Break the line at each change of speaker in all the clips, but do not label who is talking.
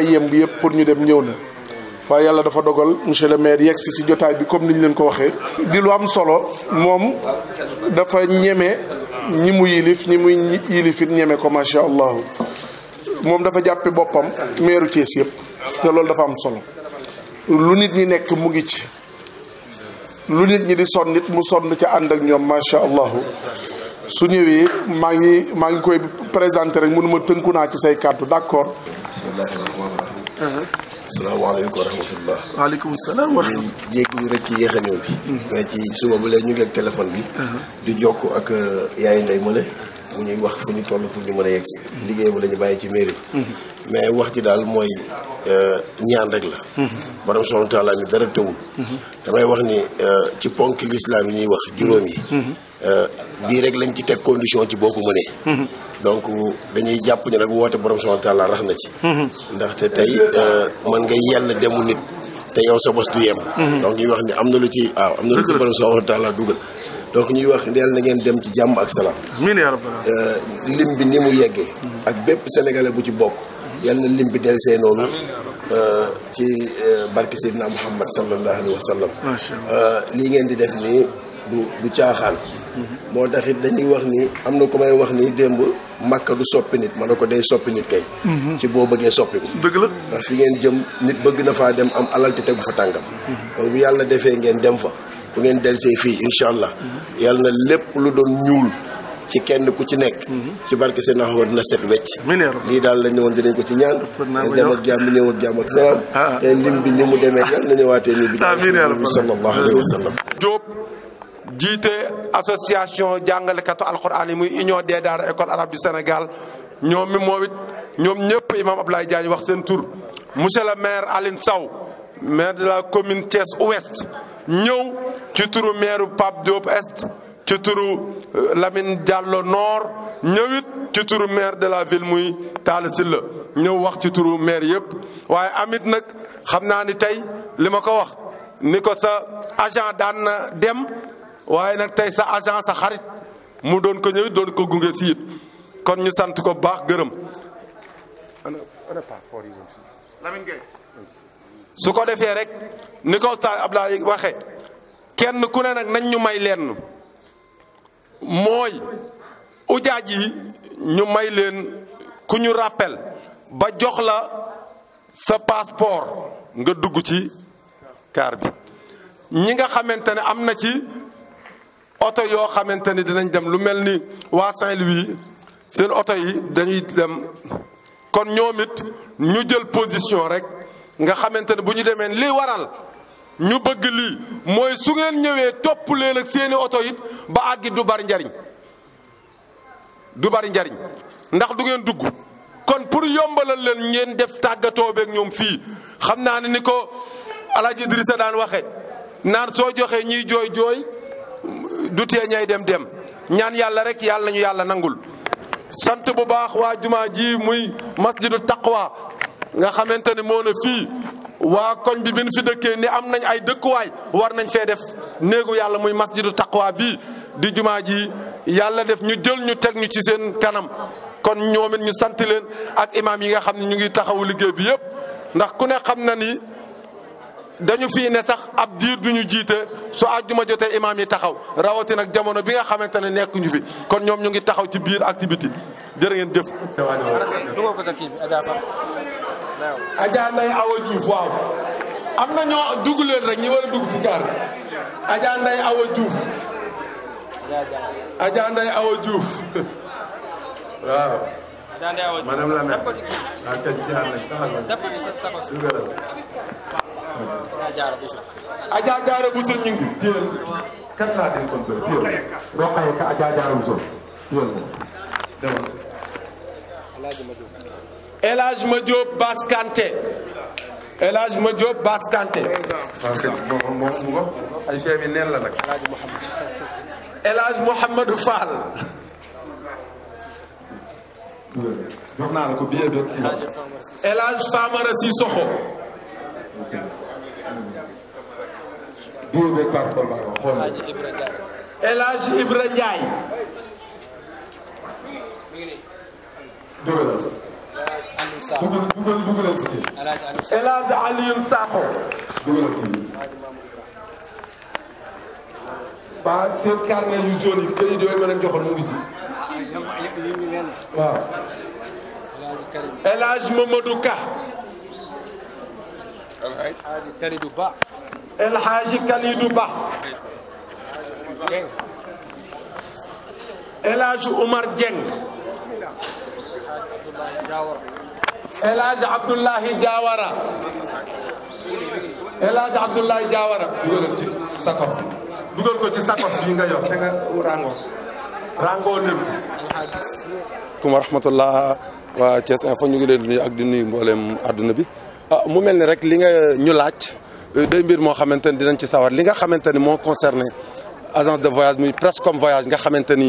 yemb yëpp pour ñu dem ñëw na waaye yàlla dafa dogal monsieur le maire yegg si ci jotaay bi comme ni ñu leen ko waxee. di lu am solo moom dafa ñeme ñi mu yilif ñi muy yilifit ñeme ko macha allah moom dafa jàppe boppam meeru Thiès yëpp te loolu dafa am solo lu nit ñi nekk mu ngi ci lu nit ñi di sonn nit mu sonn ca ànd ak ñoom macha allah. su ñëwee maa ngi maa ngi koy présenté rek mënuma tënku naa ci say kàddu d'accord
bismillahi rahmaani rahim. Uh-huh. asalaamaaleykum wa rahmatullah. waaleykum salaam wa rahmatullah. ñu jégalu rek ci yéex a ñëw bi. Uh-huh. mais ci suba bu lee ñu ngi ak téléphone bi. Uh-huh. di jokk ak uh, yaay nday mële. mu ñuy wax fu ñu toll pour ñu mën a yegg si. bu la bàyyi ci mairie. mais wax ji daal mooy Eh, ñaan rek la mhm. borom subhanahu taala mi dara tewul mhm. damay wax ni eh, ci ponk l'islam yi ñuy wax juróom yi bii mhm. eh, rek lañ ci teg condition ci boo ko mënee donc dañuy jàpp ni rek woote borom subhanahu taala rax na ci ndaxte tey man nga yell demu nit te yow sa bos du yem donc ñuy wax ni am na lu ci waaw am lu ci borom subhanahu taala dugal donc ñuy wax ndeel na ngeen dem ci jàmm ak salaam lim bi ni mu yeggee ak bépp sénégalais bu ci bokk yal na lim bi dellusee noonu euh, ci euh, barke Seydina Muhammad sallallahu alayhi wa sallam euh, lii ngeen di def nii du du caaxaan moo tax it dañuy wax ni am na ko may wax ni démb màkka du soppi nit ma ne ko day soppi nit kay mhm. ci boo bëggee soppi ko dëgg fi ngeen jëm nit bëgg na faa dem am alal te tegu fa tàngam kon mhm. bu yàlla defee ngeen dem fa bu ngeen dellusee fii incha allah mhm. yàlla na lépp lu doon ñuul ci kenn ku ci nekk. Mhm. ci barke seen axamat na set wecc. lii daal la ñëwoon dinañ ko ci ñaan. dem ak jàmm ñëw ak jàmm ak salaam. Ah, ah. te lim bi ni mu demee yal na ñëwaatee ni bi. sallallahu senegal
wa jiite association jàngalekatu alquran yi muy union des daara école arabe Sénégal ñoom mi moom it ñoom ñëpp imam Abdoulaye Diagne wax seen tur monsieur le maire Aline Sow maire de la commune Thiès Ouest ñëw ci turu maire Pape Diop Est. ci turu euh, Lamine Diallo Nord ñëwit ci turu maire de la ville muy Talla Sylla ñëw wax ci turu maire yëpp waaye amit nag xam naa ni tey li ma ko wax ni ko sa agent daan na dem waaye nag tey sa agent sa xarit mu doon ko ñëwit doon ko gunge si kon ñu sant ko baax gërëm Lamine Gueye su ko defee rek ni ko Oustaz Abdoulaye waxe kenn ku ne nag nañ ñu may lenn mooy ujaaj yi ñu may leen ku ñu rappel ba jox la sa passeport nga dugg ci kaar bi ñi nga xamante ne am na ci oto yoo xamante ni dinañ dem lu mel ni waa Saint-Louis seen oto yi dañuy dem kon ñoom it ñu jël position rek nga xamante ne bu ñu demee li waral ñu bëgg lii mooy su ngeen ñëwee topp leen ak seeni oto it ba àggi du bari njariñ du bari njariñ ndax du ngeen dugg kon pour yombalal leen ngeen def tàggatoo beeg ñoom fii xam naa ne ni ko Alaaji Idrissa daan waxe naan soo joxee ñiy jooy jooy du tee ñay dem dem ñaan yàlla rek yàlla ñu yàlla nangul sant bu baax waa jumaa ji muy masjidu taqwa nga xamante ne moo na fii waa koñ bi bin fi dëkkee ni am nañ ay dëkkuwaay war nañ fee def néegu yàlla muy masjidu taqwa bii di jumaa ji yàlla def ñu jël ñu teg ñu ci seen kanam kon ñoom it ñu sant leen ak imaam yi nga xam ne ñu ngi taxawu liggéey bi yëpp ndax ku ne xam na ni dañu fii ne sax ab diir du ñu jiite su àjjuma jotee imaam yi taxaw rawatin ak jamono bi nga xamante ne nekkuñu fi kon ñoom ñu ngi taxaw ci biir activité jërë ngeen jëf. Adja Ndeye Awa Diouf waaw am na ñoo dugg leen rek ñi war dugg ci gaar bi Adja Ndeye Awa Diouf Adja Ndeye Awa Diouf waaw madame la a
waa kay jaar nañ taxal dugalal
Adja Jaara Bousso ñu ngi téyel kan laa den Elaj Medio Baskanté Elaj Medio Baskanté Elaj Mohamed Fall Elaj Farmer Sissoko Elaj Ibrahim. ak passeport dugal dugal dugalal ci biir. El Hadj Alioune Sakho. dugalal ci biir. ba seen carnet yu jaune yi këyit yooyu ma leen joxoon mu ngi ci. waaw. El Hadj Mamadou Ka. El Hadj Kalidou Ba. El Hadj Omar Dieng. El Hadj Abdoulahi Diawara El Hadj Abdoulahi Diawara ci sakos bii nga yor te nga rango rango waa Thiès Info ñu ngi leen di nuyu ak di nuyu àdduna bi ah, mu mel ni rek li nga ñu laaj euh, day mbir moo xamante ni dinañ ci sawar li nga xamante ni moo concerné agence de voyage muy presque comme voyage nga xamante ni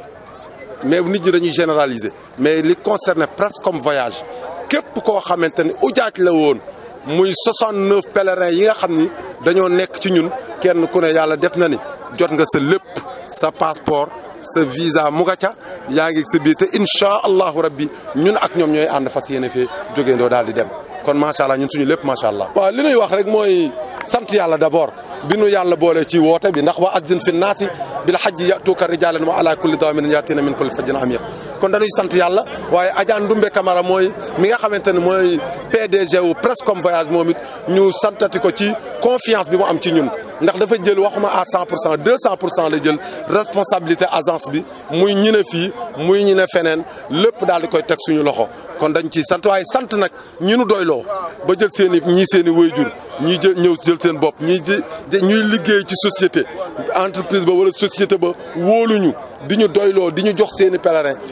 mais nit ñi dañuy généraliser mais li concerne presque comme voyage képp koo xamante ni ujaaj la woon muy 69 pèlerins yi nga xam ni dañoo nekk ci ñun kenn ku ne yàlla def na ni jot nga sa lépp sa passeport sa visa mu nga ca yaa ngi sa biir te incha allahu rabbi ñun ak ñoom ñooy ànd fas yéene fee jógeendoo daal di dem kon macha allah ñun suñu lépp macha allah. waaw li ñuy wax rek mooy sant yàlla d'abord. بنو يالله بوله شيء واتي بنخوا أذن في الناس بالحج يأتوك الرجال نما على كل دوام من ياتينا من كل فجنا نعم عميق كنا نيجي سنت يالله واي أجان دومبي بكامارا موي ميغا خمن تن موي PDG أو بريس كوم فياز موميت نيو سنت تكوتي كونفيانس بيمو أمتينون نقدر في جل وقما à 100% 200% لجل responsabilité اجانس بي موي نينا في موي نينا فنن لب دال كوي تكسون يلوخو كنا نيجي سنت واي سنت نك نينو دويلو بجل سيني سيني ويجول ñuy jël ñëw jël seen bopp ñuy ñuy liggéey ci société entreprise ba wala société ba wóoluñu di ñu doyloo di ñu jox seen i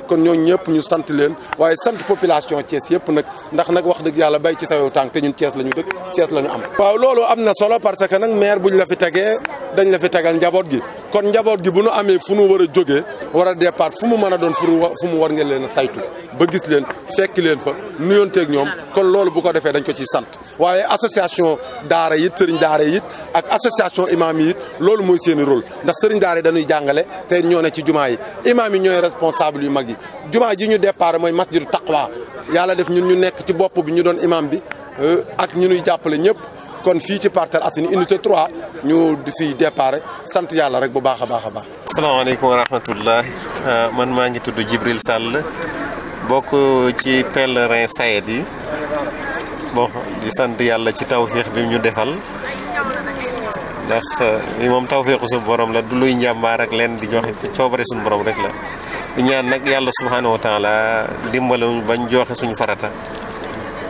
kon ñooñu ñëpp ñu sant leen waaye sant population cees yëpp nag ndax nag wax dëgg yàlla bay ci sawewu tànk te ñun Thiès la ñu dëkk cees la ñu am. waaw loolu am na solo parce que nag maire buñ la fi tegee dañ la fi tegal njaboot gi. kon njaboot gi bu nu amee fu nu war a jógee war a départ fu mu mën a doon fu mu war ngeen leen a saytu ba gis leen fekk leen fa nuyonteeg ñoom kon loolu bu ko defee dañ ko ciy sant waaye association daara yit sëriñ daara yit ak association imaam yit loolu mooy seen i rôle ndax sëriñ daara yi dañuy jàngale te ñoo ne ci jumaa yi imaam yi ñooy responsable yu mag yi jumaa ji ñu départ mooy masjidu taqwa yàlla def ñun ñu nekk ci bopp bi ñu doon imam bi euh, ak ñu nuy jàppale ñëpp kon fii ci Parcelles Assainies unité trois ñu di fiy départ sant yàlla rek bu baax a baax a baax.
asalaamaaleykum wa rahmatullah euh, man maa ngi tudd Djibril Sall bokk ci pèlerin Sayed yi bon di sant yàlla ci tawféex bi ñu defal ndax li euh, moom tawféexu suñu borom la du luy njàmbaar ak leen di joxe ci coobare suñu borom rek la. ñaan nag yàlla subhaanahu wa taala dimbaluñu bañ joxe suñu farata.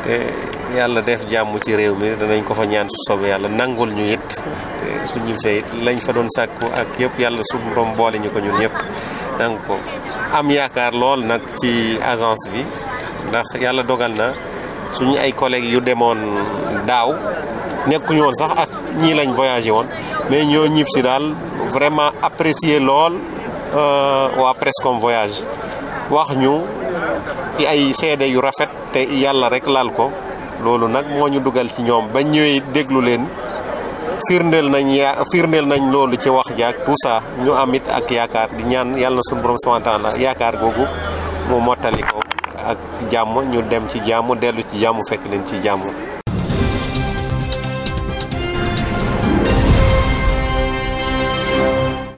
te yàlla def jàmm ci réew mi danañ ko fa ñaan soob yàlla nangul ñu it te suñ ñibbisee it lañ fa doon sàkku ak yëpp yàlla su borom boole ñu ko ñun ñëpp nangu ko am yaakaar lool nag ci agence bi ndax yàlla dogal na suñ ay collègues yu demoon daaw nekkuñu woon sax ak ñii lañ voyagé woon mais ñoo ñibb si daal vraiment apprécier lool euh, waa Prescom voyage wax ñu di ay seede yu rafet te yàlla rek laal ko loolu nag moo ñu dugal ci ñoom bañ ñëwee déglu leen firndeel nañ ya firndeel nañ loolu ci wax jaak tout ñu amit ak yaakaar di ñaan yàlla na suñu borom subhanahu yaakaar googu mu mottali ko ak jàmm ñu dem ci jàmm dellu ci jàmm fekk leen ci jàmm